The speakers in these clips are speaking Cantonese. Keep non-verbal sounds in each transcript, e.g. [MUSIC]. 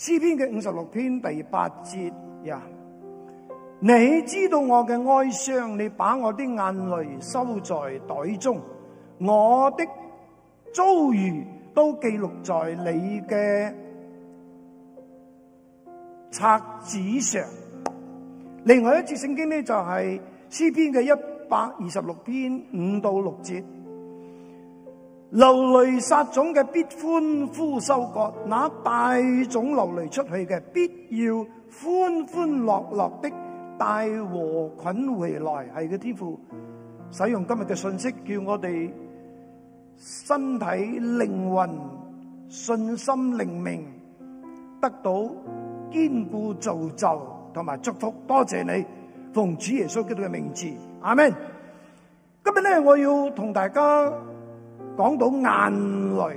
詩篇嘅五十六篇第八節呀，你知道我嘅哀傷，你把我啲眼淚收在袋中，我的遭遇都記錄在你嘅冊子上。另外一節聖經呢，就係詩篇嘅一百二十六篇五到六節。流淚撒種嘅必歡呼收割，那帶種流淚出去嘅，必要歡歡樂樂的帶禾捆回來，係嘅天父。使用今日嘅信息，叫我哋身體靈魂信心靈命得到堅固造就同埋祝福。多謝你，奉主耶穌基督嘅名字，阿門。今日咧，我要同大家。講到眼淚，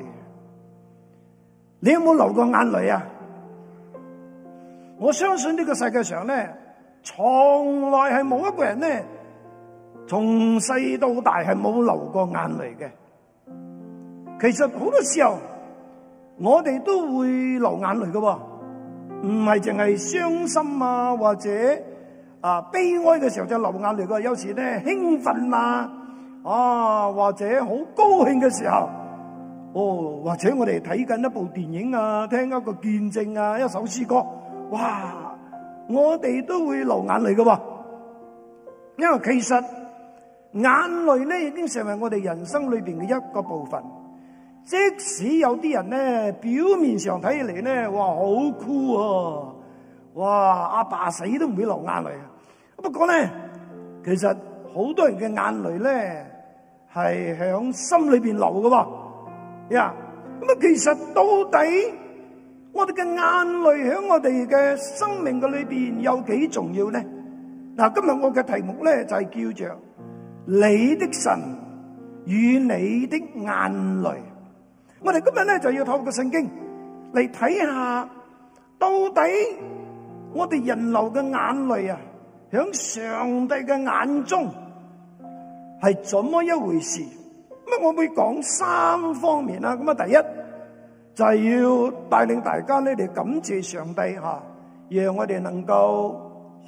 你有冇流過眼淚啊？我相信呢個世界上咧，從來係冇一個人咧，從細到大係冇流過眼淚嘅。其實好多時候，我哋都會流眼淚嘅，哦，唔係淨係傷心啊，或者啊悲哀嘅時候就流眼淚嘅，有時咧興奮啊。啊，或者好高興嘅時候，哦，或者我哋睇緊一部電影啊，聽一個見證啊，一首詩歌，哇，我哋都會流眼淚嘅，因為其實眼淚咧，已經成為我哋人生裏邊嘅一個部分。即使有啲人咧，表面上睇起嚟咧，哇，好酷啊，哇，阿爸死都唔會流眼淚啊。不過咧，其實好多人嘅眼淚咧。係響心裏邊流嘅，呀咁啊。其實到底我哋嘅眼淚響我哋嘅生命嘅裏邊有幾重要咧？嗱，今日我嘅題目咧就係叫做你的神與你的眼淚。我哋今日咧就要透過聖經嚟睇下，到底我哋人流嘅眼淚啊，響上帝嘅眼中係怎麼一回事？咁啊，我會講三方面啦。咁啊，第一就係要帶領大家咧，嚟感謝上帝吓，讓我哋能夠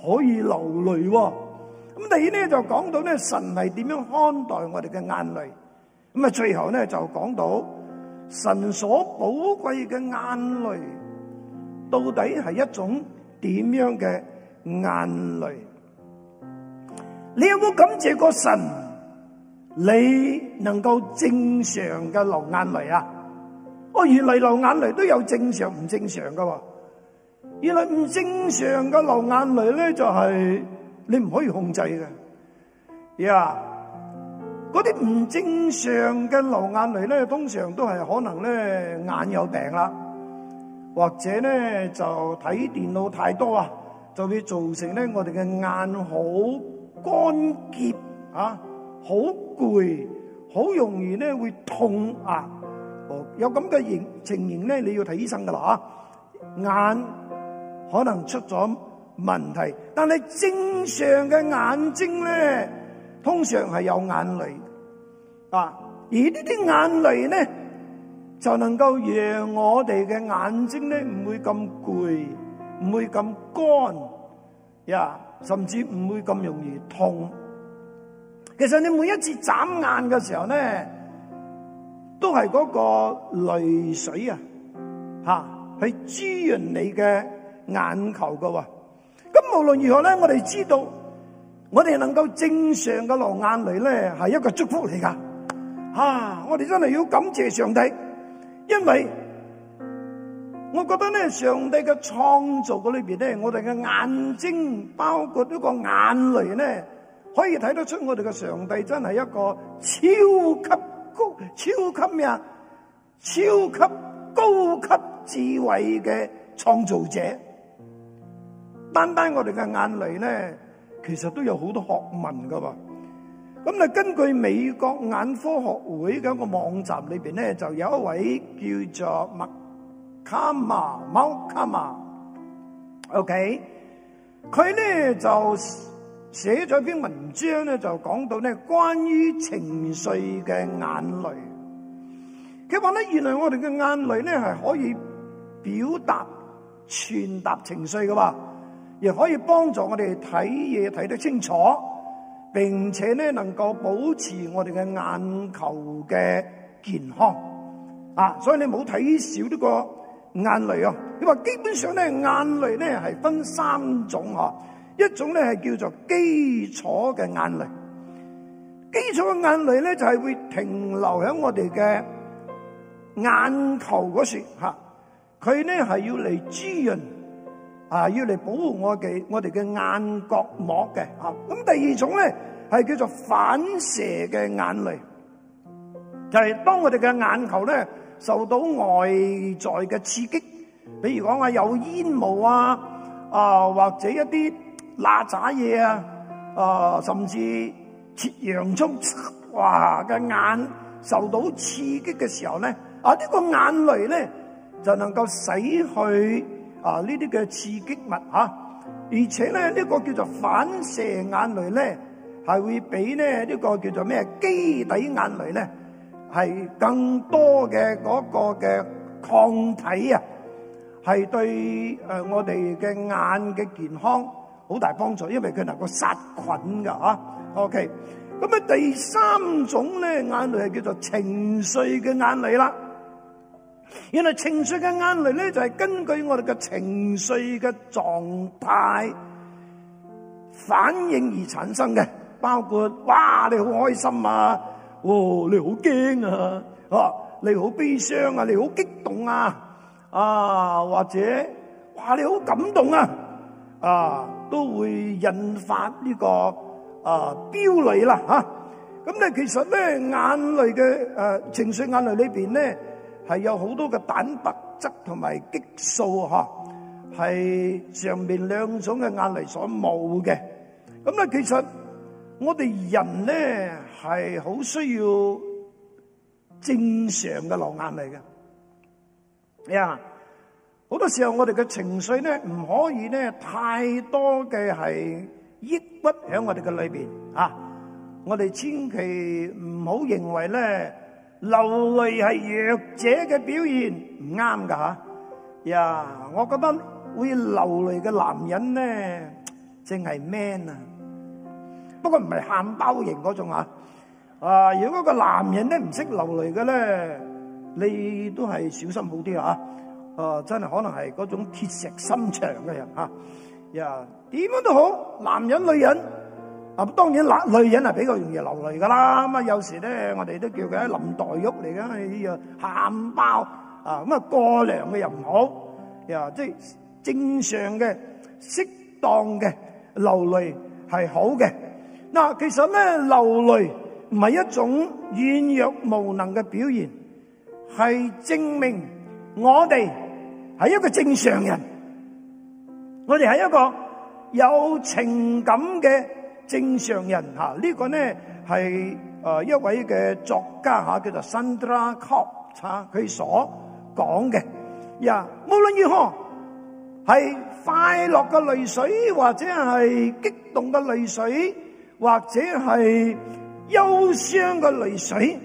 可以流淚。咁第二咧就講到咧，神係點樣看待我哋嘅眼淚。咁啊，最後咧就講到神所寶貴嘅眼淚，到底係一種點樣嘅眼淚？你有冇感謝過神？你能夠正常嘅流眼淚啊？我原來流眼淚都有正常唔正常噶喎、啊。原來唔正常嘅流眼淚咧，就係、是、你唔可以控制嘅。呀，嗰啲唔正常嘅流眼淚咧，通常都係可能咧眼有病啦，或者咧就睇電腦太多啊，就會造成咧我哋嘅眼好乾澀啊。好攰，好容易咧會痛啊！有咁嘅形情形咧，你要睇醫生噶啦吓。眼可能出咗問題，但係正常嘅眼睛咧，通常係有眼淚啊。而呢啲眼淚咧，就能夠讓我哋嘅眼睛咧唔會咁攰，唔會咁乾呀，啊，甚至唔會咁容易痛。其實你每一次眨眼嘅時候咧，都係嗰個淚水啊，吓、啊、去滋潤你嘅眼球噶。咁無論如何咧，我哋知道我哋能夠正常嘅流眼淚咧，係一個祝福嚟噶、啊。我哋真係要感謝上帝，因為我覺得咧，上帝嘅創造嗰裏邊咧，我哋嘅眼睛包括呢個眼淚咧。可以睇得出我哋嘅上帝真係一個超級高、超級咩啊？超級高級智慧嘅創造者。單單我哋嘅眼淚咧，其實都有好多學問噶噃。咁啊，根據美國眼科學會嘅一個網站裏邊咧，就有一位叫做麥卡馬貓卡馬，OK，佢咧就。寫咗篇文章咧，就講到咧關於情緒嘅眼淚。佢話咧，原來我哋嘅眼淚咧係可以表達、傳達情緒嘅話，亦可以幫助我哋睇嘢睇得清楚，並且咧能夠保持我哋嘅眼球嘅健康。啊，所以你冇睇少呢個眼淚啊！你話基本上咧，眼淚咧係分三種啊。一種咧係叫做基礎嘅眼淚，基礎嘅眼淚咧就係會停留喺我哋嘅眼球嗰時，佢咧係要嚟滋潤啊，要嚟保護我嘅我哋嘅眼角膜嘅啊。咁第二種咧係叫做反射嘅眼淚，就係當我哋嘅眼球咧受到外在嘅刺激，比如講話有煙霧啊啊或者一啲。嗱，渣嘢啊！啊，甚至切洋蔥哇嘅眼受到刺激嘅時候咧，啊呢、呢個眼淚咧就能夠洗去啊呢啲嘅刺激物吓、啊，而且咧呢、呢個叫做反射眼淚咧，係會俾咧呢、呢個叫做咩基底眼淚咧係更多嘅嗰個嘅抗體啊，係對誒、呃、我哋嘅眼嘅健康。好大幫助，因為佢能夠殺菌噶嚇、啊。OK，咁啊第三種咧眼淚係叫做情緒嘅眼淚啦。原來情緒嘅眼淚咧就係、係、根據我哋嘅情緒嘅狀態反應而產生嘅，包括哇你好開心啊，哦你好驚啊，哦你好悲傷啊，你好、啊、激動啊，啊或者哇你好感動啊，啊。都會引發呢、這個、呃、了啊飆淚啦吓，咁咧其實咧眼淚嘅誒、呃、情緒眼淚裏邊咧係有好多嘅蛋白質同埋激素吓，係、啊、上面兩種嘅眼淚所冇嘅，咁咧其實我哋人咧係好需要正常嘅流眼淚嘅，係啊。好多時候我哋嘅情緒咧唔可以咧太多嘅係抑鬱喺我哋嘅裏邊嚇，我哋千祈唔好認為咧流淚係弱者嘅表現，唔啱噶嚇。呀，啊、yeah, 我覺得會流淚嘅男人咧淨係 man 啊，不過唔係喊包型嗰種啊，如果個男人咧唔識流淚嘅咧，你都係小心好啲啊。啊，真係可能係嗰種鐵石心腸嘅人嚇，呀點樣都好，男人女人，啊當然女人係比較容易流淚噶啦，咁啊有時咧我哋都叫佢林黛玉嚟嘅，要喊包啊，咁啊過量嘅又唔好，呀即係正常嘅適當嘅流淚係好嘅。嗱其實咧流淚唔係一種軟弱無能嘅表現，係證明我哋。係一個正常人，我哋係一個有情感嘅正常人。吓，呢個呢係誒、呃、一位嘅作家吓，叫做 Sandra Cox，佢所講嘅。呀、yeah，無論如何，係快樂嘅淚水，或者係激動嘅淚水，或者係憂傷嘅淚水，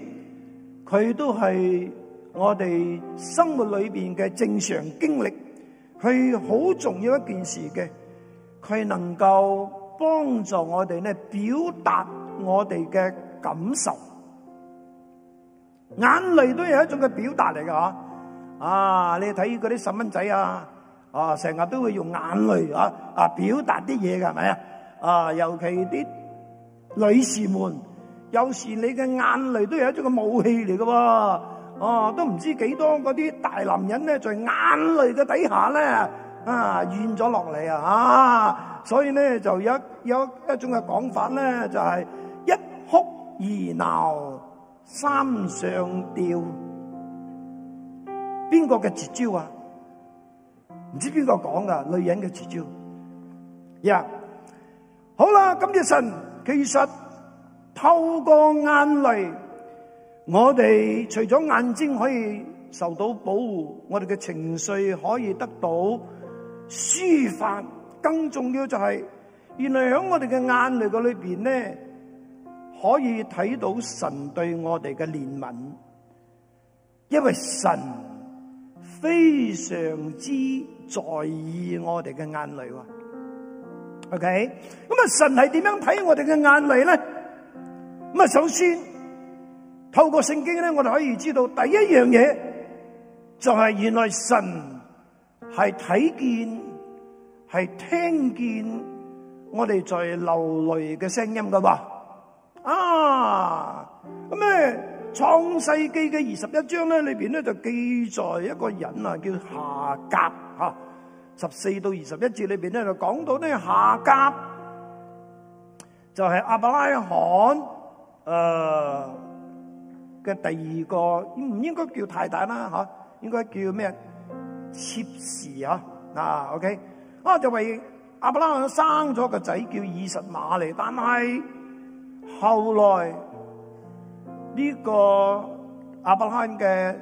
佢都係。我哋生活裏邊嘅正常經歷，佢好重要一件事嘅，佢能夠幫助我哋咧表達我哋嘅感受。眼淚都係一種嘅表達嚟㗎嗬，啊，你睇嗰啲細蚊仔啊，啊，成日都會用眼淚啊啊表達啲嘢㗎係咪啊？啊，尤其啲女士們，有時你嘅眼淚都係一種嘅武器嚟㗎喎。哦、啊，都唔知幾多嗰啲大男人咧，在眼淚嘅底下咧，啊怨咗落嚟啊，所以咧就有一有一種嘅講法咧，就係、是、一哭二鬧三上吊，邊個嘅絕招啊？唔知邊個講噶，女人嘅絕招。呀、yeah.。好啦，今日神其實透過眼淚。我哋除咗眼睛可以受到保護，我哋嘅情緒可以得到抒發，更重要就係原來響我哋嘅眼淚嘅裏邊咧，可以睇到神對我哋嘅憐憫，因為神非常之在意我哋嘅眼淚喎。OK，咁啊，神係點樣睇我哋嘅眼淚咧？咁啊，首先。透過聖經咧，我哋可以知道第一樣嘢就係、是、原來神係睇見係聽見我哋在流淚嘅聲音噶喎。啊咁咧創世記嘅二十一章咧裏邊咧就記載一個人啊叫夏甲吓，十四到二十一節裏邊咧就講到呢，夏甲就係阿伯拉罕誒。呃嘅第二個唔應該叫太太啦吓，應該叫咩？妾侍啊嗱 OK，啊就為阿伯拉罕生咗個仔叫以實瑪利，但係後來呢、這個阿伯拉罕嘅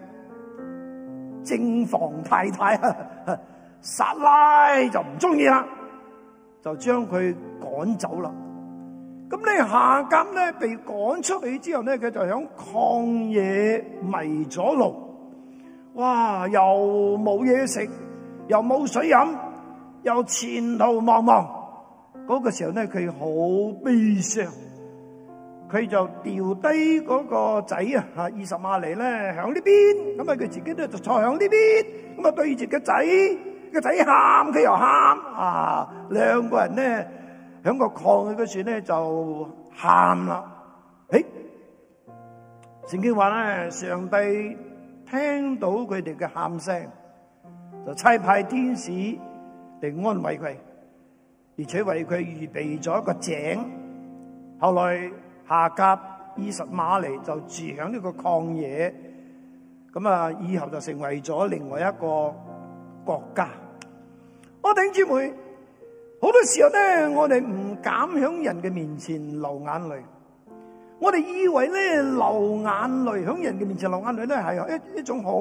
正房太太撒拉就唔中意啦，就將佢趕走啦。咁你下監咧被趕出去之後咧，佢就喺曠野迷咗路。哇！又冇嘢食，又冇水飲，又前途茫茫。嗰、那個時候咧，佢好悲傷。佢就掉低嗰個仔啊！嚇，二十碼嚟咧喺呢邊，咁啊佢自己都就坐喺呢邊，咁啊對住個仔，個仔喊佢又喊啊，兩個人咧。響個曠野嗰時咧就喊啦，誒、欸，聖經話咧，上帝聽到佢哋嘅喊聲，就差派天使嚟安慰佢，而且為佢預備咗一個井。後來夏甲以實瑪利，就住響呢個曠野，咁啊以後就成為咗另外一個國家。我頂姊妹。好多時候咧，我哋唔敢喺人嘅面前流眼淚。我哋以為咧，流眼淚喺人嘅面前流眼淚咧係一一種好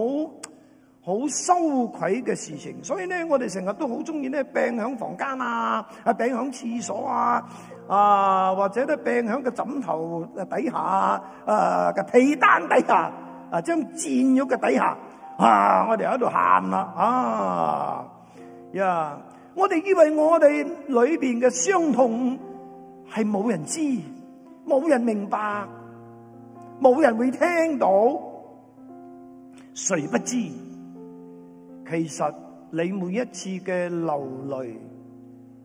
好羞愧嘅事情。所以咧，我哋成日都好鍾意咧病喺房間啊，啊病喺廁所啊，啊或者咧病喺個枕頭底下啊，個被單底下啊，將墊喐嘅底下啊，我哋喺度喊啦啊呀！啊 yeah. 我哋以為我哋裏邊嘅傷痛係冇人知，冇人明白，冇人會聽到。誰不知？其實你每一次嘅流淚，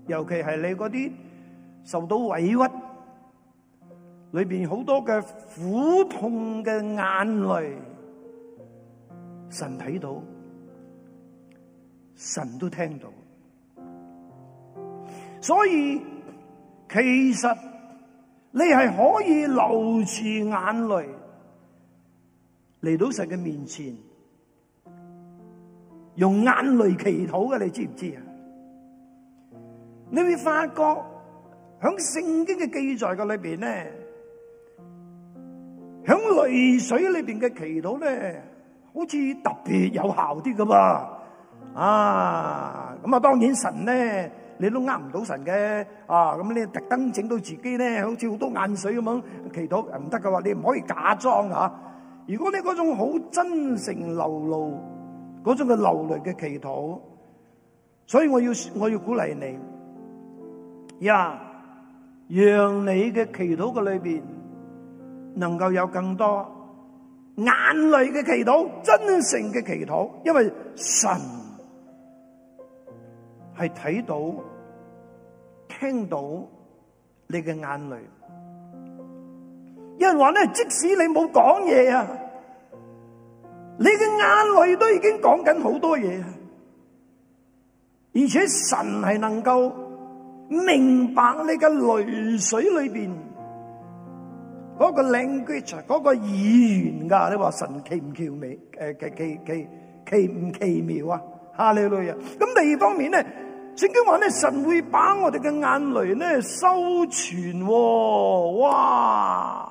尤其係你嗰啲受到委屈，裏邊好多嘅苦痛嘅眼淚，神睇到，神都聽到。所以其實你係可以流住眼淚嚟到神嘅面前，用眼淚祈禱嘅，你知唔知啊？你會發覺響聖經嘅記載嘅裏邊咧，響淚水裏邊嘅祈禱咧，好似特別有效啲㗎噃。啊，咁啊，當然神咧。你都呃唔到神嘅啊！咁你特登整到自己咧，好似好多眼水咁樣祈禱，唔得嘅話，你唔可以假裝吓，啊。如果你嗰種好真誠流露嗰種嘅流淚嘅祈禱，所以我要我要鼓勵你，呀、yeah，讓你嘅祈禱嘅裏邊能夠有更多眼淚嘅祈禱，真誠嘅祈禱，因為神。係睇到、聽到你嘅眼淚，有人話咧，即使你冇講嘢啊，你嘅眼淚都已經講緊好多嘢，而且神係能夠明白你嘅淚水裏面嗰個 language、嗰個語言㗎。你話神奇唔奇妙？呃、奇奇奇奇唔奇妙啊！哈利路亞！咁第二方面咧，聖經話咧，神會把我哋嘅眼淚咧收存、哦。哇！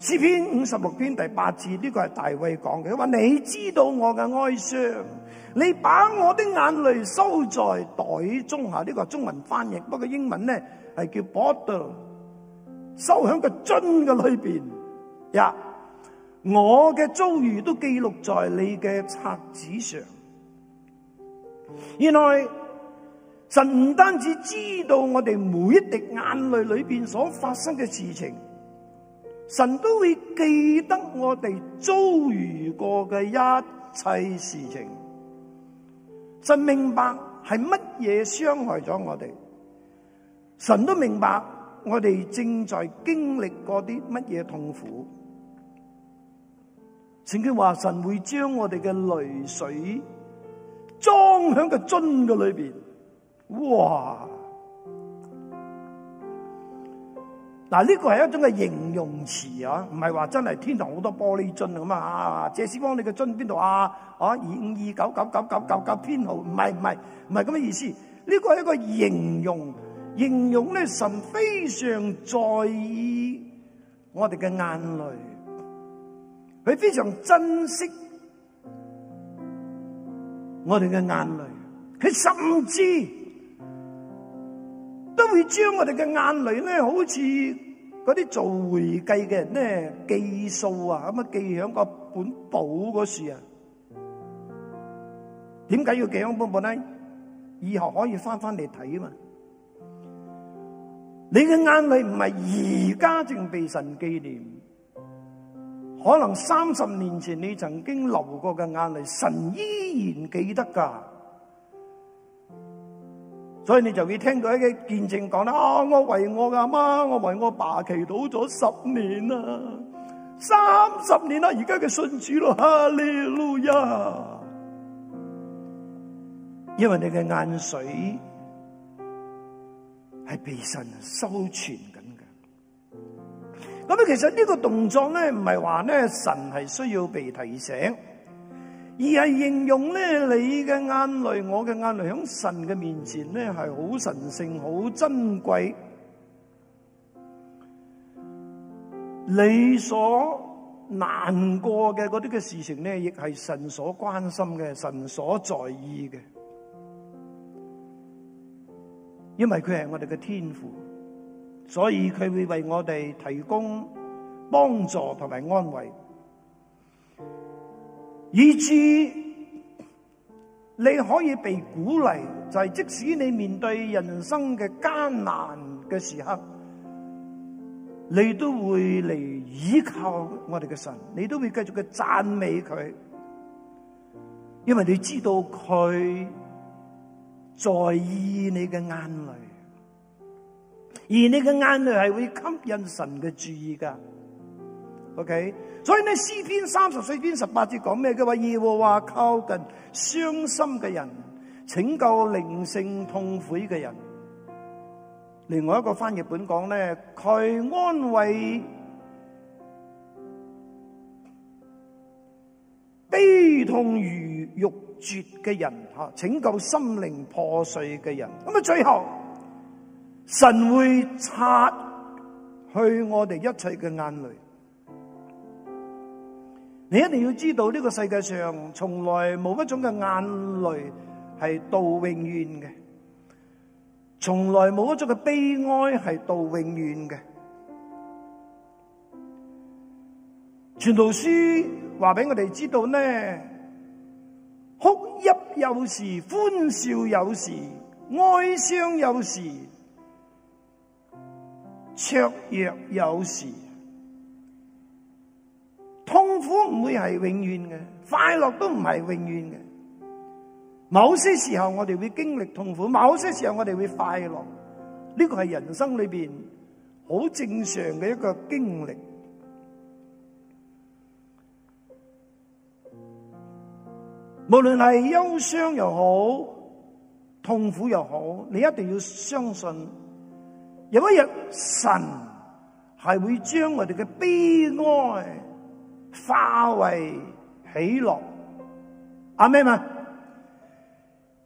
詩篇五十六篇第八節呢、呢個係大衛講嘅，佢話，你知道我嘅哀傷，你把我的眼淚收在袋中下呢、啊呢個中文翻譯，不過英文咧係叫 bottle，收喺個樽嘅裏邊。呀、yeah.！我嘅遭遇都記錄在你嘅冊子上。原來，神唔單止知道我哋每一滴眼淚裏邊所發生嘅事情，神都會記得我哋遭遇過嘅一切事情。神明白係乜嘢傷害咗我哋，神都明白我哋正在經歷過啲乜嘢痛苦。聖經話神會將我哋嘅淚水裝喺個樽嘅裏邊，哇！嗱，呢個係一種嘅形容詞啊，唔係話真係天堂好多玻璃樽咁啊！謝師光你嘅樽邊度啊？啊，二五二九九九九九九編號，唔係唔係唔係咁嘅意思。呢個係一個形容，形容咧神非常在意我哋嘅眼淚。佢非常珍惜我哋嘅眼淚，佢甚至都會將我哋嘅眼淚咧，好似嗰啲做會計嘅人咧記數啊，咁啊記響個本簿嗰時啊，點解要記響本簿咧？以後可以翻翻嚟睇啊嘛。你嘅眼淚唔係而家正被神紀念。可能三十年前你曾經流過嘅眼淚，神依然記得㗎。所以你就會聽到一啲見證講咧：啊，我為我阿媽，我為我爸祈禱咗十年啦，三十年啦，而家嘅信主咯，哈利路亞！因為你嘅眼水係被神收存咁其實呢個動作咧，唔係話咧，神係需要被提醒，而係形容咧你嘅眼淚，我嘅眼淚喺神嘅面前咧係好神聖、好珍貴。你所難過嘅嗰啲嘅事情咧，亦係神所關心嘅，神所在意嘅，因為佢係我哋嘅天父。所以佢會為我哋提供幫助同埋安慰，以至你可以被鼓勵，就係即使你面對人生嘅艱難嘅時刻，你都會嚟倚靠我哋嘅神，你都會繼續嘅讚美佢，因為你知道佢在意你嘅眼淚。而你嘅眼淚係會吸引神嘅注意噶，OK？所以呢詩篇三十四篇十八節講咩？佢話耶和華靠近傷心嘅人，拯救靈性痛悔嘅人。另外一個翻譯本講咧，佢安慰悲痛如欲絕嘅人，吓拯救心靈破碎嘅人。咁啊，最後。神會擦去我哋一切嘅眼淚，你一定要知道呢、呢個世界上從來冇一種嘅眼淚係到永遠嘅，從來冇一種嘅悲哀係到永遠嘅。傳道書話俾我哋知道呢，哭泣有時，歡笑有時，哀傷有時，雀躍有時，痛苦唔會係永遠嘅，快樂都唔係永遠嘅。某些時候我哋會經歷痛苦，某些時候我哋會快樂。呢個係人生裏邊好正常嘅一個經歷。無論係憂傷又好，痛苦又好，你一定要相信。有一日，神，係會將我哋嘅悲哀化為喜樂，阿咩嘛？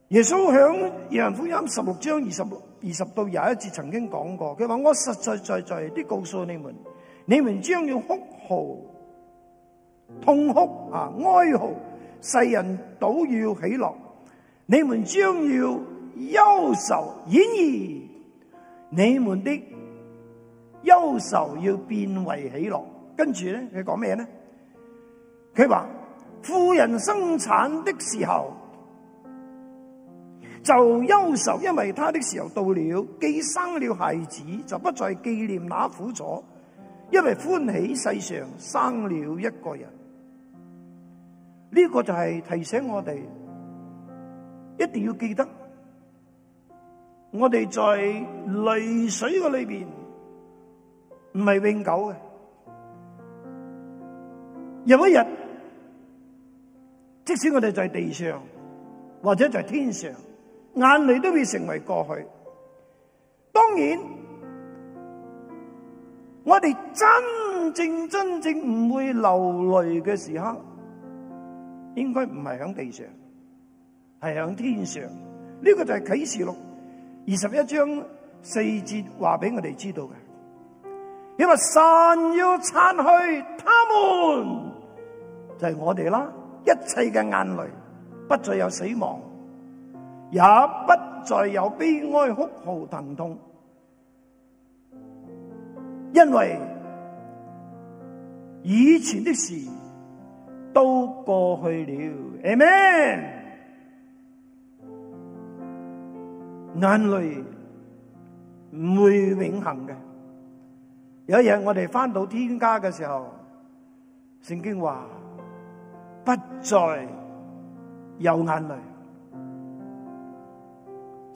耶穌響《約翰福音》十六章二十二十到廿一節曾經講過，佢話：我實在在在啲告訴你們，你們將要哭嚎、痛哭啊、哀嚎，世人倒要喜樂；你們將要憂愁演繹、演義。你們的憂愁要變為喜樂，跟住咧佢講咩咧？佢話婦人生產的時候就憂愁，因為他的時候到了，既生了孩子，就不再紀念那苦楚，因為歡喜世上生了一個人。呢個就係提醒我哋一定要記得。我哋在淚水嘅裏面，唔係永久嘅。有一日，即使我哋在地上或者在天上，眼淚都會成為過去。當然，我哋真正真正唔會流淚嘅時刻，應該唔係響地上，係響天上。呢個就係啟示錄。二十一章四節話俾我哋知道嘅，因為神要擦去他們，就係我哋啦。一切嘅眼淚，不再有死亡，也不再有悲哀、哭嚎、疼痛，因為以前的事都過去了。amen 眼淚唔會永恆嘅，有一日我哋返到天家嘅時候，聖經話不再有眼淚，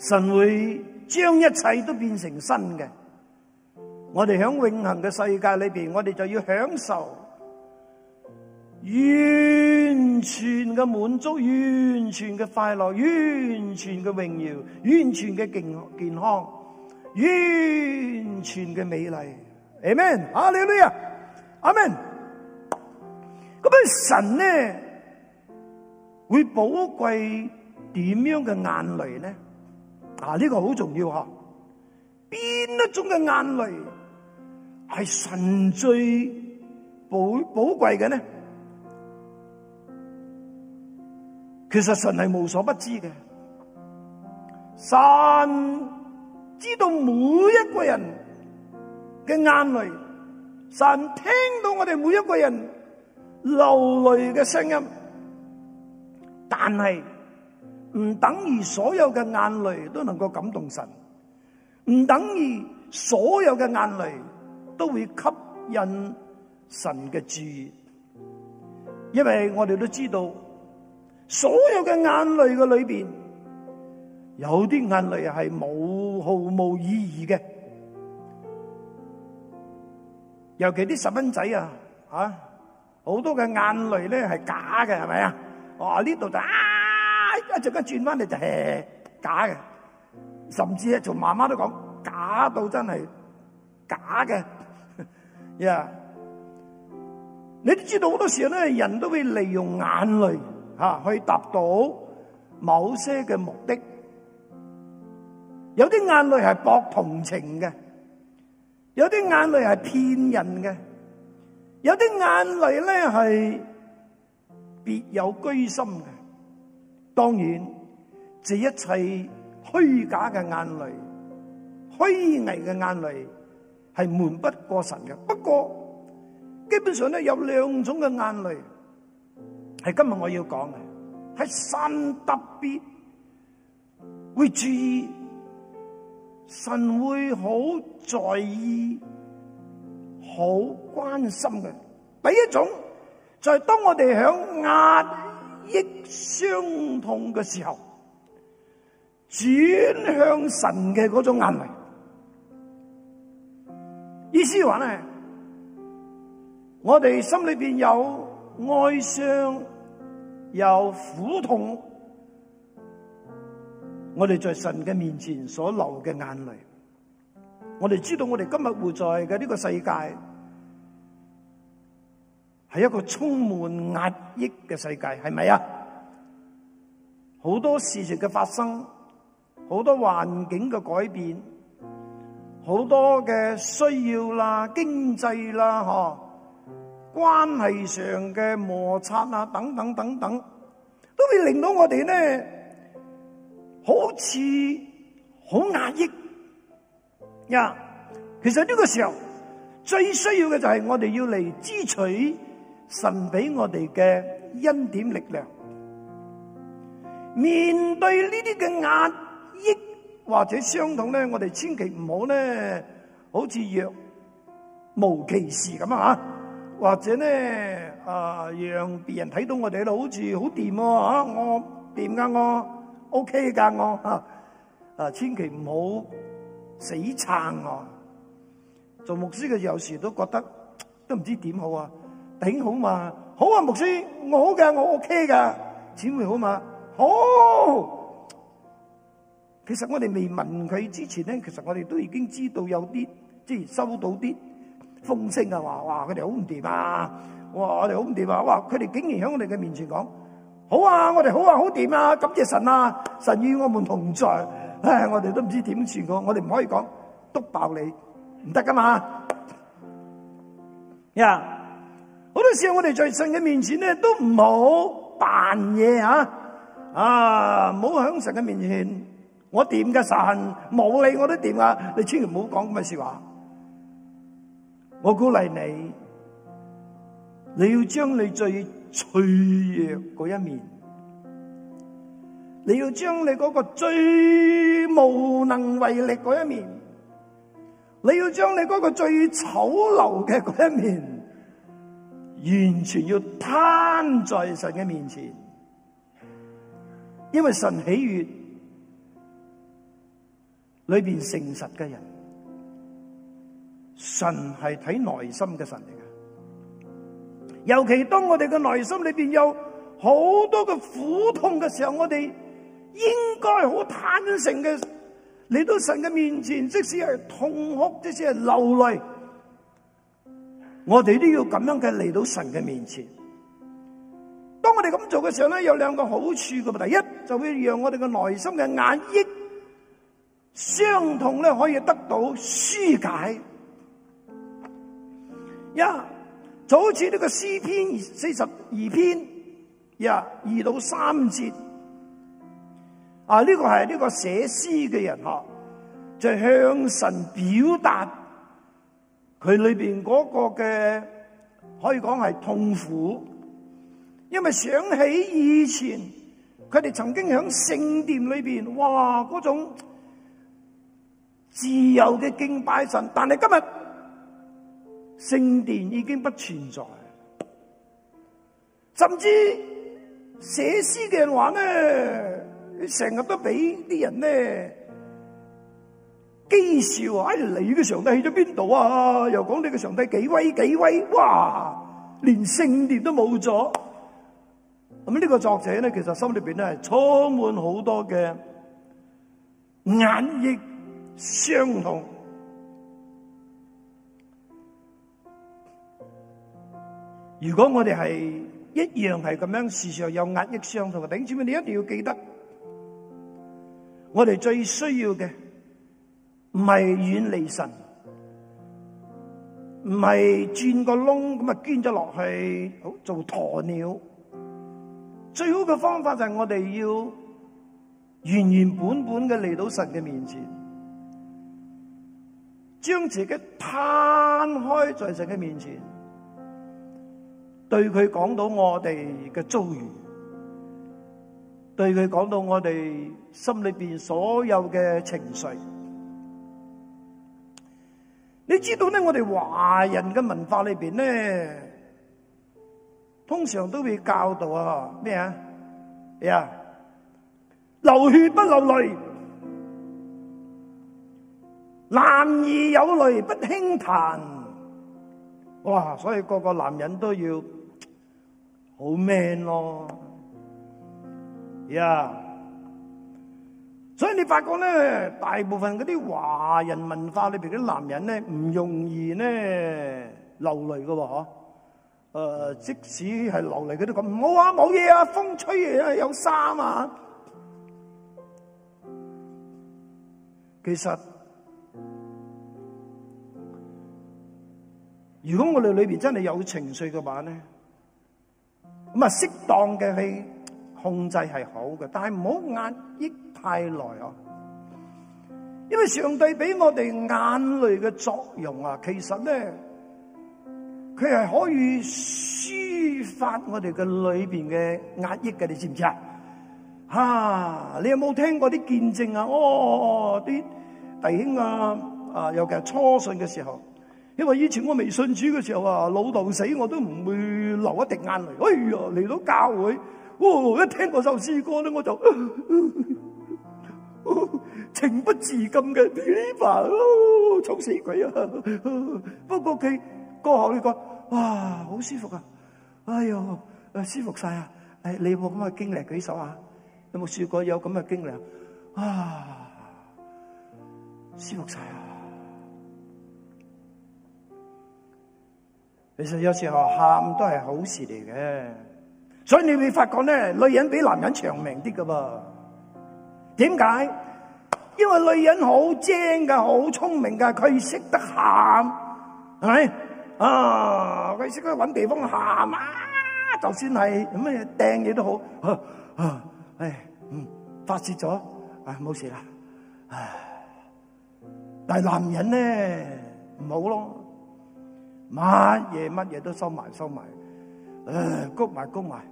神會將一切都變成新嘅。我哋響永恆嘅世界裏邊，我哋就要享受。完全嘅滿足，完全嘅快樂，完全嘅榮耀，完全嘅健健康，完全嘅美麗。阿門啊，你呢啊？阿門。咁啊，神呢會寶貴點樣嘅眼淚呢？啊，呢個好重要啊！邊一種嘅眼淚係神最寶寶貴嘅呢？其實神係無所不知嘅，神知道每一個人嘅眼淚，神聽到我哋每一個人流淚嘅聲音，但係唔等於所有嘅眼淚都能夠感動神，唔等於所有嘅眼淚都會吸引神嘅注意，因為我哋都知道。所有嘅眼淚嘅裏邊，有啲眼淚係冇毫無意義嘅，尤其啲十蚊仔啊，啊，好多嘅眼淚咧係假嘅，係咪、哦、啊？哦！呢度就啊，一陣間轉翻嚟就係假嘅，甚至咧從媽媽都講假到真係假嘅，呀、 [LAUGHS] yeah.！你都知道好多時候咧，人都會利用眼淚。吓，去達到某些嘅目的。有啲眼淚係博同情嘅，有啲眼淚係騙人嘅，有啲眼淚咧係別有居心嘅。當然，這一切虛假嘅眼淚，虛偽嘅眼淚係瞞不過神嘅。不過，基本上咧有兩種嘅眼淚。係今日我要講嘅，係神特別會注意，神會好在意、好關心嘅。第一種就係當我哋響壓抑、傷痛嘅時候，轉向神嘅嗰種壓力。意思話咧，我哋心裏邊有哀傷。又苦痛，我哋在神嘅面前所流嘅眼淚，我哋知道我哋今日活在嘅呢個世界係一個充滿壓抑嘅世界，係咪啊？好多事情嘅發生，好多環境嘅改變，好多嘅需要啦，經濟啦，嗬。關係上嘅摩擦啊，等等等等，都會令到我哋咧好似好壓抑呀。其實呢個時候最需要嘅就係我哋要嚟支取神俾我哋嘅恩典力量。面對呢啲嘅壓抑或者傷痛咧，我哋千祈唔好咧，好似若無其事咁啊！或者咧，啊，讓別人睇到我哋好似好掂啊。我掂啊，我，OK 噶我啊，啊千祈唔好死撐啊。做牧師嘅有時都覺得都唔知點好啊，頂好嘛，好啊牧師，我好嘅我 OK 噶，姊妹好嘛，好。其實我哋未問佢之前咧，其實我哋都已經知道有啲即係收到啲。風聲啊，話哇佢哋好唔掂啊！哇，我哋好唔掂啊！哇，佢哋竟然喺我哋嘅面前講，好啊，我哋好啊，好掂啊！感謝神啊，神與我們同在。唉，我哋都唔知點算喎，我哋唔可以講篤爆你，唔得㗎嘛。呀，好多時候我哋在神嘅面前咧，都唔好扮嘢啊，啊，唔好喺神嘅面前，我掂嘅神冇理我都掂啊！你千祈唔好講咁嘅說話。我鼓勵你，你要將你最脆弱嗰一面，你要將你嗰個最無能為力嗰一面，你要將你嗰個最醜陋嘅嗰一面，完全要攤在神嘅面前，因為神喜悅裏邊誠實嘅人。神係睇內心嘅神嚟嘅，尤其當我哋嘅內心裏邊有好多嘅苦痛嘅時候，我哋應該好坦誠嘅嚟到神嘅面前，即使係痛哭，即使係流淚，我哋都要咁樣嘅嚟到神嘅面前。當我哋咁做嘅時候咧，有兩個好處嘅，第一就會讓我哋嘅內心嘅壓抑、傷痛咧可以得到舒解。一就好似呢個詩篇四十二篇，呀、yeah, 二到三節，啊呢個係呢個寫詩嘅人嗬就在向神表達佢裏邊個嘅，可以講係痛苦，因為想起以前佢哋曾經響聖殿裏邊，哇嗰種自由嘅敬拜神，但係今日。聖殿已經不存在，甚至寫詩嘅人話咧，成日都俾啲人咧譏笑話，哎，你嘅上帝去咗邊度啊？又講你嘅上帝幾威幾威，哇！連聖殿都冇咗，咁呢個作者咧，其實心裏邊咧係充滿好多嘅眼淚傷痛。如果我哋係一樣係咁樣，時常有壓抑、傷痛嘅弟兄姊妹，你一定要記得，我哋最需要嘅唔係遠離神，唔係轉個窿咁啊捐咗落去做鴕鳥。最好嘅方法就係我哋要原原本本嘅嚟到神嘅面前，將自己攤開在神嘅面前。對佢講到我哋嘅遭遇，對佢講到我哋心裏邊所有嘅情緒，你知道咧？我哋華人嘅文化裏邊咧，通常都會教導啊，咩啊，哎呀，流血不流淚，男兒有淚不輕彈，哇！所以個個男人都要。好 man 咯，呀！所以你發覺咧，大部分嗰啲華人文化裏邊啲男人咧，唔容易咧流淚㗎喎，吓，誒，即使係流淚，佢都講唔好啊，冇嘢啊，風吹完啊，有沙啊。其實，如果我哋裏邊真係有情緒嘅話咧，咁啊，適當嘅去控制係好嘅，但係唔好壓抑太耐啊，因為上帝俾我哋眼淚嘅作用啊，其實咧，佢係可以抒發我哋嘅裏邊嘅壓抑嘅，你知唔知啊？嚇，你有冇聽過啲見證啊？哦，啲弟兄啊，啊，尤其係初信嘅時候。因為以前我未信主嘅時候啊，老豆死我都唔會流一滴眼淚。哎呀，嚟到教會，哇，一聽嗰首詩歌咧，我就情不自禁嘅，呢排哦，吵死鬼啊！不過佢過後咧講，哇，好舒服啊！哎呀，誒，舒服晒啊！誒，你有冇咁嘅經歷？舉手啊！有冇試過有咁嘅經歷啊？啊，舒服晒啊！其實有時候喊都係好事嚟嘅，所以你會發覺咧，女人比男人長命啲噶噃。點解？因為女人好精噶，好聰明噶，佢識得喊，係咪？啊，佢識得搵地方喊啊！就算係咩掟嘢都好，唉、啊啊哎，嗯，發洩咗，啊，冇事啦、啊。但係男人咧，唔好咯。乜嘢乜嘢都收埋收埋，唉，谷埋谷埋，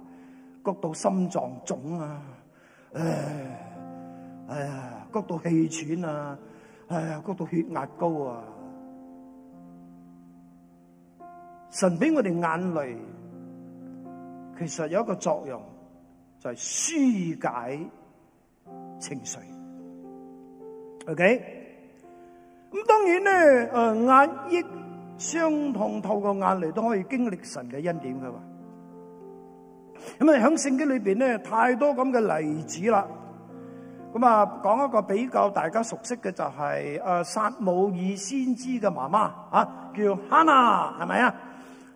谷到心臟腫啊，唉，哎呀，谷到氣喘啊，哎呀，谷到血壓高啊。神俾我哋眼淚，其實有一個作用，就係紓解情緒。OK，咁當然咧，誒，眼液。傷痛透過眼淚都可以經歷神嘅恩典㗎，咁啊喺聖經裏邊咧太多咁嘅例子啦。咁啊講一個比較大家熟悉嘅就係誒撒母耳先知嘅媽媽啊，叫哈娜係咪啊？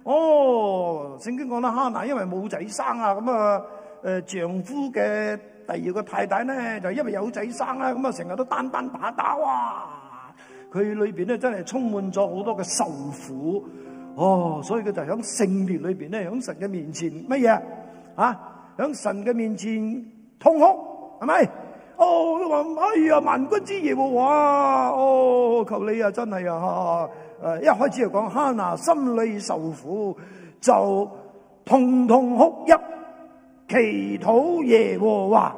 哦，聖經講到，哈娜因為冇仔生啊，咁啊誒丈夫嘅第二個太太咧就因為有仔生啦，咁啊成日都單單打打打打哇！佢裏邊咧真係充滿咗好多嘅愁苦哦，所以佢就喺聖殿裏邊咧，喺神嘅面前乜嘢啊？喺神嘅面前痛哭係咪？哦，佢話哎呀，萬軍之耶和華，哦，求你啊，真係啊誒、啊，一開始就講哈拿心裏愁苦就痛痛哭泣，祈禱耶和華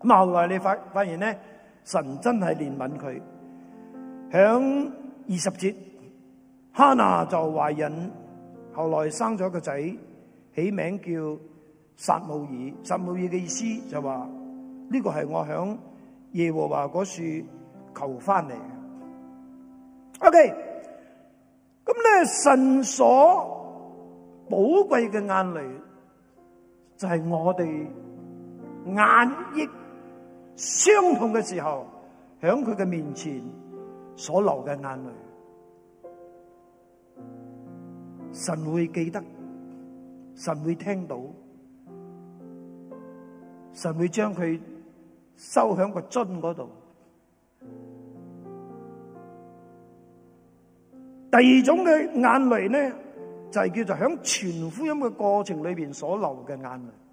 咁後來你發發現咧？神真係憐憫佢，響二十節，哈娜就懷孕，後來生咗個仔，起名叫撒母耳。撒母耳嘅意思就話，呢個係我響耶和華嗰樹求翻嚟。OK，咁咧神所寶貴嘅眼淚，就係、是、我哋眼益。傷痛嘅時候，喺佢嘅面前所流嘅眼淚，神會記得，神會聽到，神會將佢收喺個樽嗰度。第二種嘅眼淚呢，就係叫做響傳福音嘅過程裏邊所流嘅眼淚。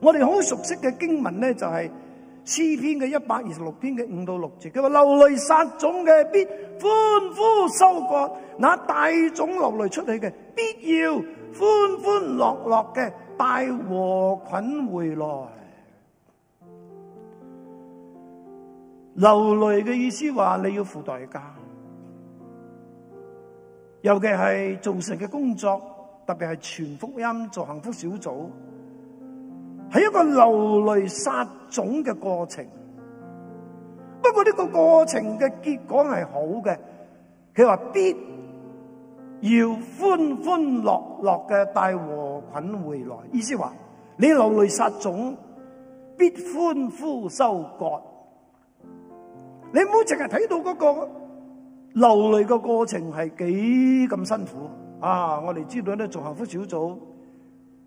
我哋好熟悉嘅經文咧，就係詩篇嘅一百二十六篇嘅五到六節，佢話流淚撒種嘅必歡呼收割，那帶種流淚出嚟嘅，必要歡歡樂樂嘅帶禾捆回來。流淚嘅意思話你要付代價，尤其係做神嘅工作，特別係傳福音做幸福小組。係一個流淚撒種嘅過程，不過呢個過程嘅結果係好嘅。佢話必要歡歡樂樂嘅帶禾捆回來，意思話你流淚撒種，必歡呼收割。你唔好淨係睇到嗰個流淚嘅過程係幾咁辛苦啊！我哋知道咧，做幸福小組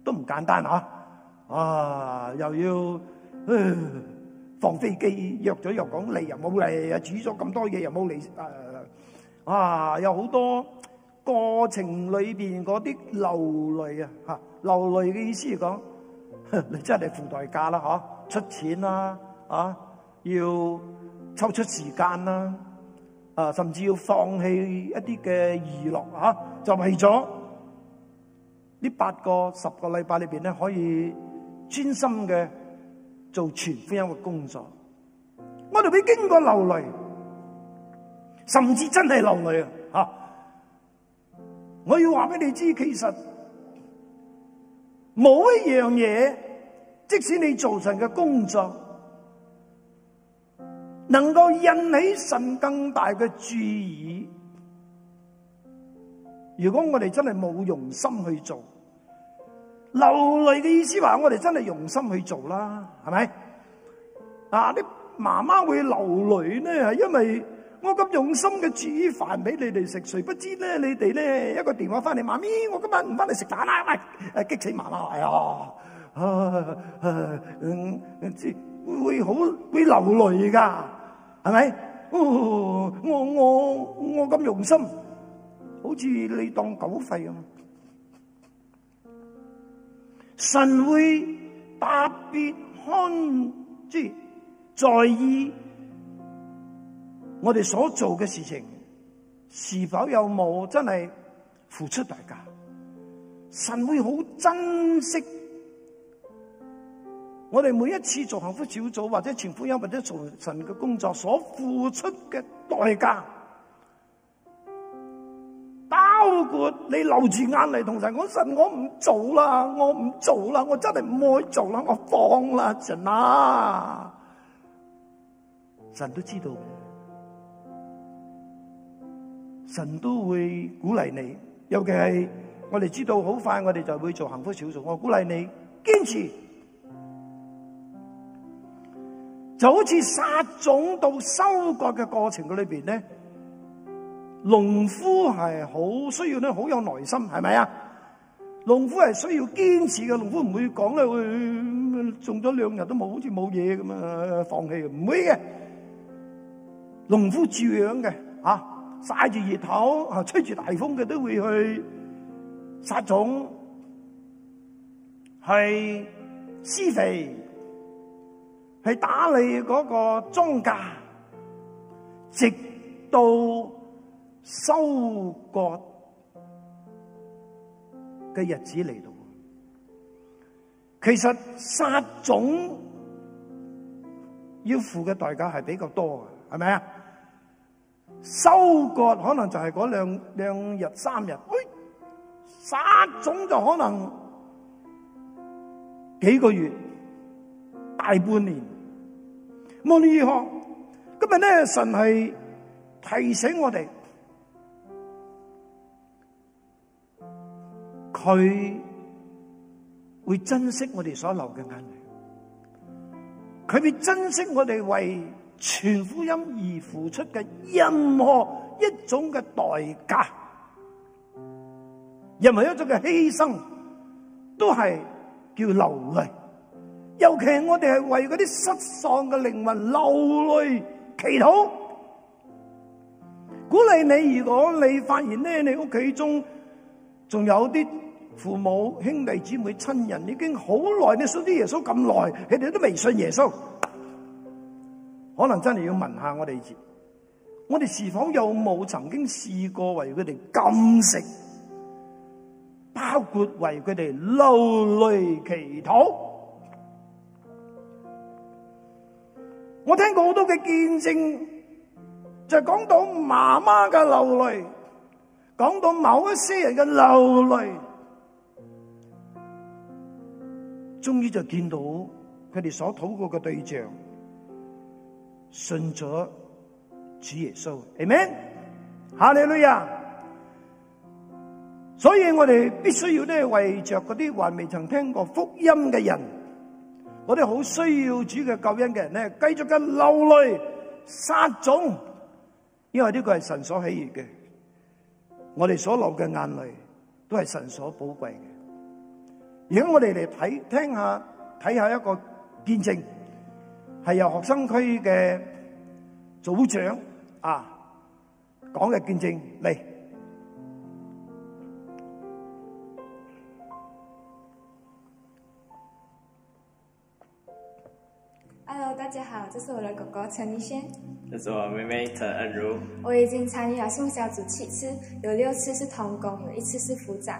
都唔簡單啊！啊！又要，唉，放飛機，約咗又講嚟又冇嚟，煮咗咁多嘢又冇嚟。啊！有、啊、好多過程裏邊嗰啲流淚啊！嚇，流淚嘅意思係講你真係付代價啦，吓、啊，出錢啦，啊，要抽出時間啦，啊，甚至要放棄一啲嘅娛樂吓、啊，就為咗呢八個、十個禮拜裏邊咧可以。專心嘅做全福音嘅工作，我哋俾經過流淚，甚至真係流淚啊！吓，我要話俾你知，其實冇一樣嘢，即使你做成嘅工作，能夠引起神更大嘅注意。如果我哋真係冇用心去做。流淚嘅意思話，我哋真係用心去做啦，係咪？啊，啲媽媽會流淚咧，係因為我咁用心嘅煮飯俾你哋食，誰不知咧，你哋咧一個電話翻嚟，媽咪，我今晚唔翻嚟食飯啦，喂、啊，激死媽媽呀，誒、啊、誒、啊嗯，會好會，會流淚噶，係咪、哦？我我我咁用心，好似你當狗吠咁。神會特別看，即在意我哋所做嘅事情是否，有冇真係付出代價？神會好珍惜我哋每一次做幸福小組或者全福音或者做神嘅工作所付出嘅代價。包括你流住眼淚同神講，神，我唔做啦，我唔做啦，我真係唔愛做啦，我放啦神啊！神都知道，神都會鼓勵你。尤其係我哋知道好快，我哋就會做幸福少數。我鼓勵你堅持，就好似撒種到收割嘅過程嘅裏邊咧。農夫係好需要咧，好有耐心，係咪、哎、啊？農夫係需要堅持嘅，農夫唔會講咧，會種咗兩日都冇，好似冇嘢咁啊放棄，唔會嘅。農夫住樣嘅嚇，曬住熱頭啊，吹住大風嘅都會去撒種，去施肥，去打理嗰個莊稼，直到，收割嘅日子嚟到，其實殺種要付嘅代價係比較多啊，係咪啊？收割可能就係嗰兩兩日，三日，喂、哎，殺種就可能幾個月，大半年，無論如何，今日咧神係提醒我哋。佢會珍惜我哋所流嘅眼淚，佢會珍惜我哋為全福音而付出嘅任何一種嘅代價，任何一種嘅犧牲都係叫流淚。尤其係我哋係為嗰啲失喪嘅靈魂流淚祈禱，鼓勵你。如果你發現咧，你屋企中仲有啲。父母、兄弟、姊妹、親人，已經好耐你信耶穌咁耐，佢哋都未信耶穌。可能真係要問下我哋，我哋是否有冇曾經試過為佢哋禁食，包括為佢哋流淚祈禱？我聽過好多嘅見證，就係講到媽媽嘅流淚，講到某一些人嘅流淚。終於就見到佢哋所禱告嘅對象信咗主耶穌，阿門。哈利路亞。所以我哋必須要咧為着嗰啲還未曾聽過福音嘅人，嗰啲好需要主嘅救恩嘅人咧，繼續噉流淚撒種，因為呢個係神所喜悅嘅。我哋所流嘅眼淚都係神所寶貴嘅。而我哋嚟睇聽下睇下一個見證，係由學生區嘅組長啊講嘅見證嚟。Hello，大家好，這是我的哥哥陳宇軒，這是我妹妹陳恩如。我已經參與咗宋小組七次，有六次是同工，有一次是副長。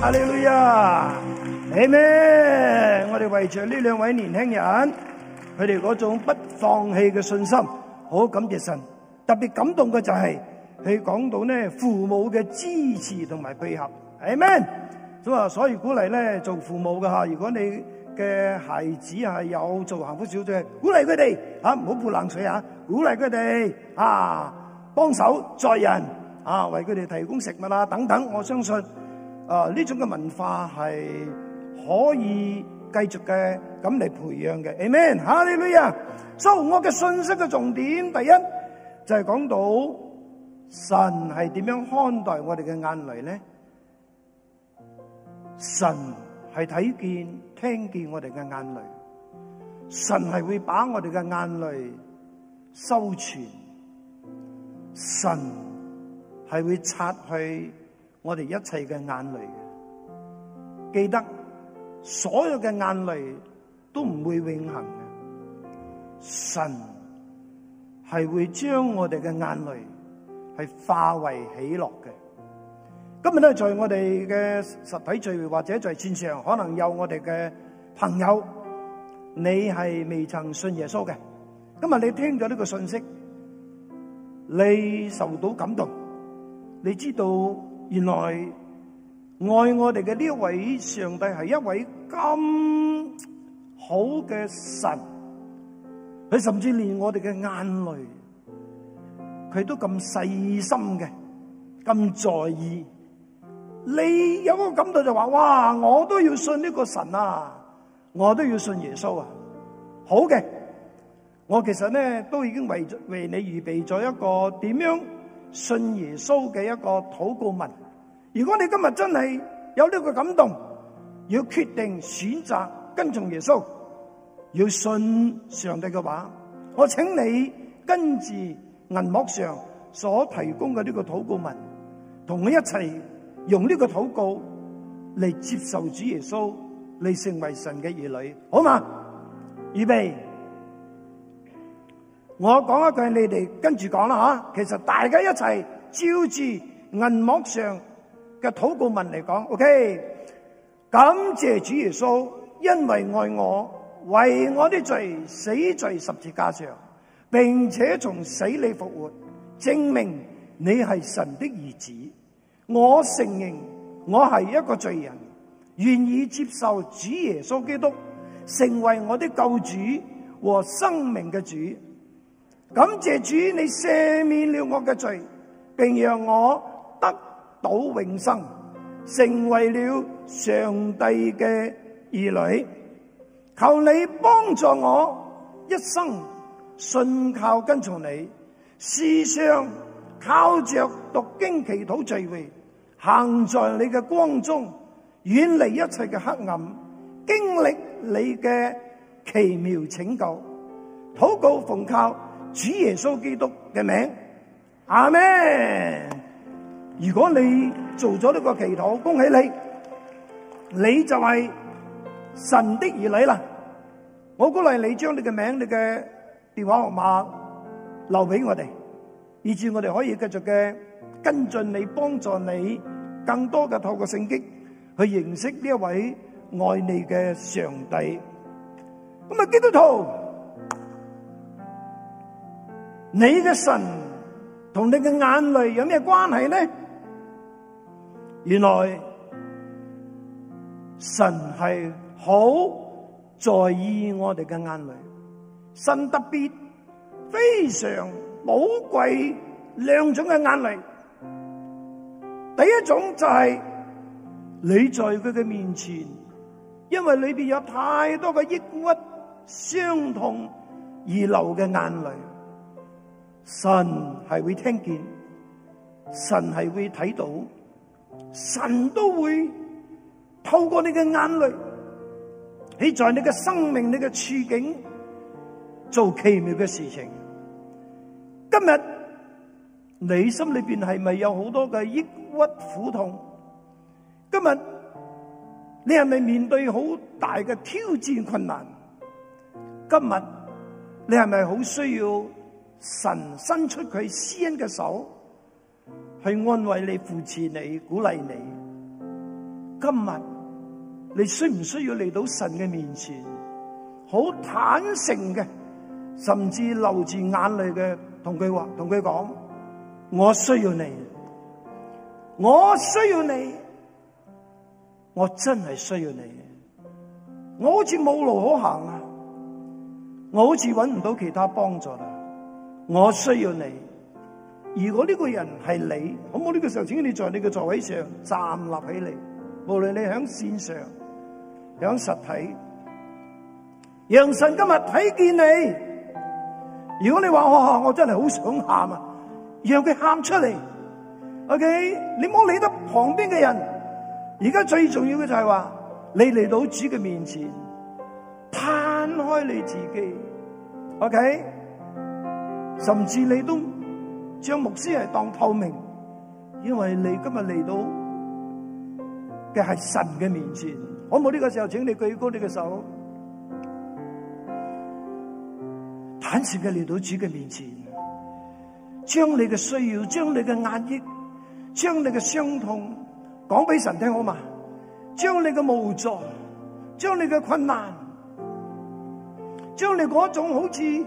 阿利亞，係咩？我哋為著呢兩位年輕人，佢哋嗰種不放棄嘅信心，好感謝神。特別感動嘅就係佢講到咧，父母嘅支持同埋配合，係咩？咁啊，所以鼓勵咧，做父母嘅吓，如果你嘅孩子係有做幸福小組，鼓勵佢哋吓，唔好潑冷水吓，鼓勵佢哋啊，幫手作人。啊，為佢哋提供食物啊，等等，我相信，啊呢種嘅文化係可以繼續嘅咁嚟培養嘅。Amen！哈利路亞，So，我嘅信息嘅重點，第一就係講到神係點樣看待我哋嘅眼淚咧？神係睇見、聽見我哋嘅眼淚，神係會把我哋嘅眼淚收存，神。係會擦去我哋一切嘅眼淚。記得所有嘅眼淚都唔會永恒嘅。神係會將我哋嘅眼淚係化為喜樂嘅。今日咧，在我哋嘅實體聚會或者在線上，可能有我哋嘅朋友，你係未曾信耶穌嘅。今日你聽咗呢個信息，你受到感動。你知道原來愛我哋嘅呢一位上帝係一位咁好嘅神，佢甚至連我哋嘅眼淚，佢都咁細心嘅，咁在意。你有個感覺就話：哇！我都要信呢個神啊，我都要信耶穌啊。好嘅，我其實咧都已經為咗為你預備咗一個點樣？信耶穌嘅一個禱告文，如果你今日真係有呢個感動，要決定選擇跟從耶穌，要信上帝嘅話，我請你跟住銀幕上所提供嘅呢個禱告文，同我一齊用呢個禱告嚟接受主耶穌，嚟成為神嘅兒女，好嘛？預備。我講一句，你哋跟住講啦吓。其實大家一齊照住銀幕上嘅禱告文嚟講，OK？感謝主耶穌，因為愛我，為我的罪死在十字架上，並且從死裏復活，證明你係神的兒子。我承認我係一個罪人，願意接受主耶穌基督成為我的救主和生命嘅主。感謝主，你赦免了我嘅罪，並讓我得到永生，成為了上帝嘅兒女。求你幫助我一生信靠跟從你，時常靠着讀經祈禱聚會，行在你嘅光中，遠離一切嘅黑暗，經歷你嘅奇妙拯救，禱告奉靠，主耶穌基督嘅名，阿門！如果你做咗呢個祈禱，恭喜你，你就係神的兒女啦。我鼓勵你將你嘅名、你嘅電話號碼留俾我哋，以致我哋可以繼續嘅跟進你，幫助你更多嘅透過聖經去認識呢一位愛你嘅上帝。咁啊，基督徒！你嘅神同你嘅眼淚有咩關係呢？原來神係好在意我哋嘅眼淚，神特別非常寶貴兩種嘅眼淚。第一種就係你在佢嘅面前，因為裏邊有太多嘅抑鬱、傷痛而流嘅眼淚。神係會聽見，神係會睇到，神都會透過你嘅眼淚，喺在你嘅生命、你嘅處境做奇妙嘅事情。今日你心裏邊係咪有好多嘅抑鬱苦痛？今日你係咪面對好大嘅挑戰困難？今日你係咪好需要？神伸出佢施恩嘅手，去安慰你、扶持你、鼓勵你。今日你需唔需要嚟到神嘅面前？好坦誠嘅，甚至流住眼淚嘅，同佢話、同佢講：我需要你，我需要你，我真係需要你。我好似冇路可行啊！我好似搵唔到其他幫助啦。我需要你。如果呢個人係你，咁我呢個時候請你在你嘅座位上站立起嚟。無論你響線上，響實體，讓神今日睇見你。如果你話我、哦，我真係好想喊啊，讓佢喊出嚟。OK，你唔好理得旁邊嘅人。而家最重要嘅就係話，你嚟到主嘅面前，攤開你自己。OK。甚至你都將牧師係當透明，因為你今日嚟到嘅係神嘅面前。我冇呢個時候，請你舉高你嘅手，坦誠嘅嚟到主嘅面前，將你嘅需要，將你嘅壓抑，將你嘅傷痛講俾神聽，好嘛？將你嘅無助，將你嘅困難，將你嗰種好似。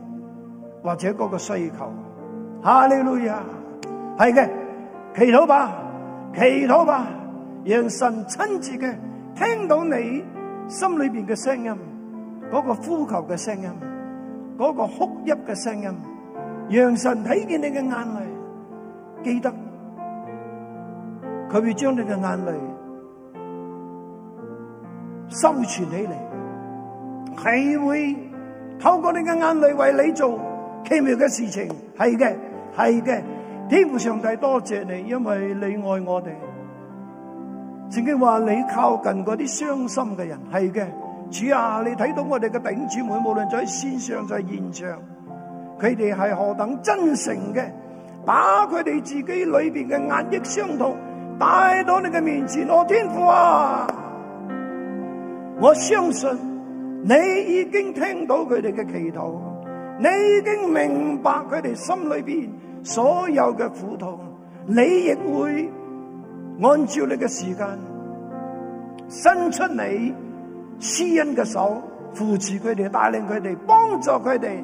或者嗰個需求，哈利路亞，係嘅，祈禱吧，祈禱吧，讓神親自嘅聽到你心裏邊嘅聲音，嗰個呼求嘅聲音，個哭泣嘅聲音，讓神睇見你嘅眼淚，記得，佢會將你嘅眼淚收存起嚟，係會透過你嘅眼淚為你做。奇妙嘅事情，係嘅，係嘅。天父上帝多謝你，因為你愛我哋。聖經話，你靠近啲傷心嘅人，係嘅。主啊，你睇到我哋嘅頂主們，無論在線上就係現場，佢哋係何等真誠嘅，把佢哋自己裏邊嘅壓抑傷痛帶到你嘅面前。我天父啊，我相信你已經聽到佢哋嘅祈禱。你已經明白佢哋心裏邊所有嘅苦痛，你亦會按照你嘅時間，伸出你施恩嘅手，扶持佢哋，帶領佢哋，幫助佢哋，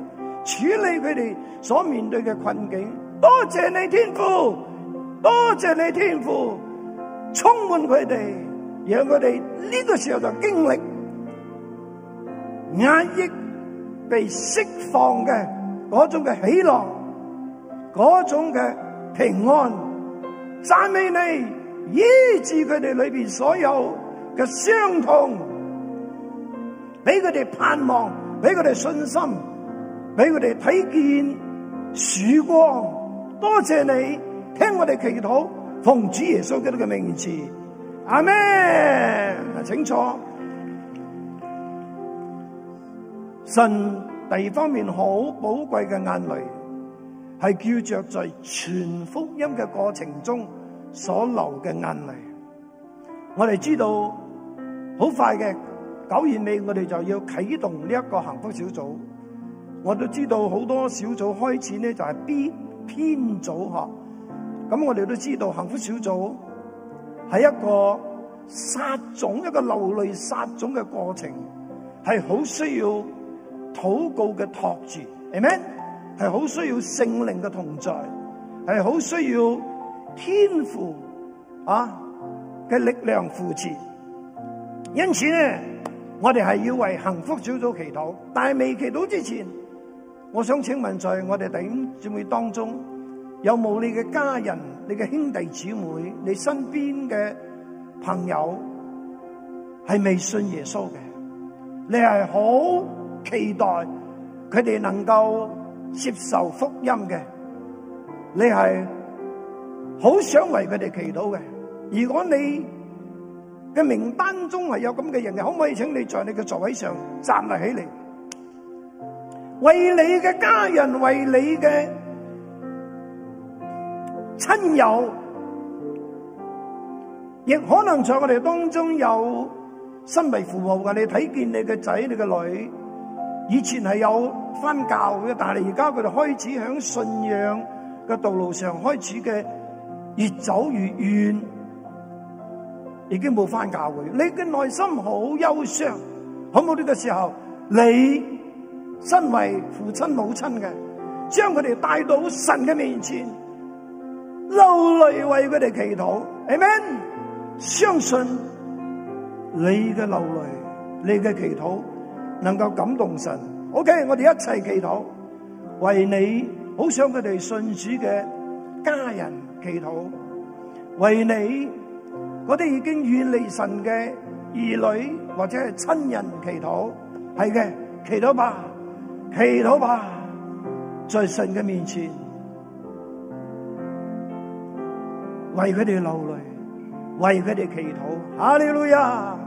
處理佢哋所面對嘅困境。多謝你天父，多謝你天父，充滿佢哋，讓佢哋呢個時候嘅經歷壓抑，被釋放嘅嗰種嘅喜樂，嗰種嘅平安，讚美你醫治佢哋裏邊所有嘅傷痛，俾佢哋盼望，俾佢哋信心，俾佢哋睇見曙光。多謝你聽我哋祈禱，奉主耶穌基督嘅名字，阿門。請坐。神第二方面好寶貴嘅眼淚，係叫着在傳福音嘅過程中所流嘅眼淚。我哋知道好快嘅九月尾，我哋就要啟動呢一個幸福小組。我都知道好多小組開始咧就係編編組嗬。咁我哋都知道幸福小組係一個撒種，一個流淚撒種嘅過程，係好需要禱告嘅托住，係咩？係好需要聖靈嘅同在，係好需要天父啊嘅力量扶持。因此咧，我哋係要為幸福小組祈禱。但係未祈禱之前，我想請問，在我哋弟兄姊妹當中，有冇你嘅家人、你嘅兄弟姊妹、你身邊嘅朋友係未信耶穌嘅？你係好？期待佢哋能夠接受福音嘅，你係好想為佢哋祈禱嘅。如果你嘅名單中係有咁嘅人，你可唔可以請你在你嘅座位上站立起嚟，為你嘅家人、為你嘅親友，亦可能在我哋當中有身為父母嘅，你睇見你嘅仔、你嘅女。以前係有翻教嘅，但係而家佢哋開始響信仰嘅道路上開始嘅越走越遠，已經冇翻教會。你嘅內心好憂傷，好冇呢個時候，你身為父親母親嘅，將佢哋帶到神嘅面前，流淚為佢哋祈禱，amen。相信你嘅流淚，你嘅祈禱能夠感動神，OK，我哋一齊祈禱，為你好想佢哋信主嘅家人祈禱，為你嗰啲已經遠離神嘅兒女或者係親人祈禱，係嘅，祈禱吧，祈禱吧，在神嘅面前為佢哋流淚，為佢哋祈禱，哈利路亞。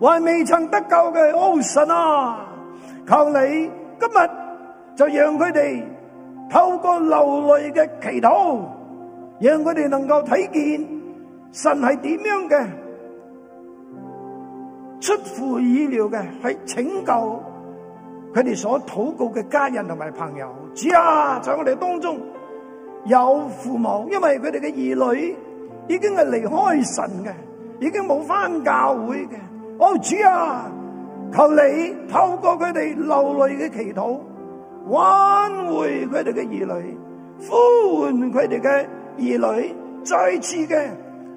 還未曾得救嘅，哦神啊，求你今日就讓佢哋透過流淚嘅祈禱，讓佢哋能夠睇見神係點樣嘅，出乎意料嘅，喺拯救佢哋所禱告嘅家人同埋朋友。主啊，在我哋當中有父母，因為佢哋嘅兒女已經係離開神嘅，已經冇返教會嘅。哦，oh，主啊，求你透過佢哋流淚嘅祈禱，挽回佢哋嘅兒女，呼喚佢哋嘅兒女再次嘅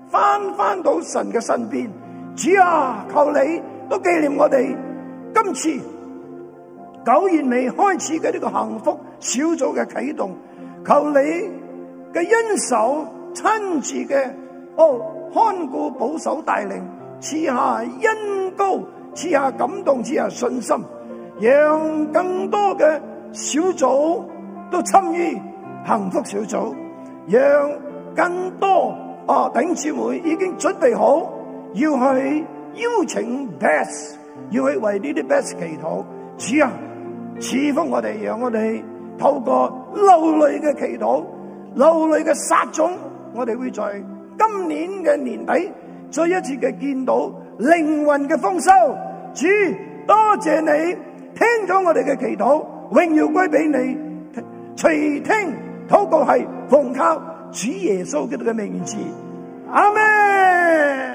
翻返到神嘅身邊。主啊，求你都紀念我哋今次九月尾開始嘅呢個幸福小組嘅啟動，求你嘅恩手親自嘅哦、oh，看顧保守帶領。賜下恩膏，賜下感動，賜下信心，讓更多嘅小組都參與幸福小組，讓更多啊頂姊妹已經準備好要去邀請 best，要去為呢啲 best 祈禱。賜啊，賜福我哋，讓我哋透過流淚嘅祈禱、流淚嘅撒種，我哋會在今年嘅年底。再一次嘅見到靈魂嘅豐收，主多謝你聽到我哋嘅祈禱，榮耀歸俾你。隨聽禱告係奉靠主耶穌基督嘅名字，阿們。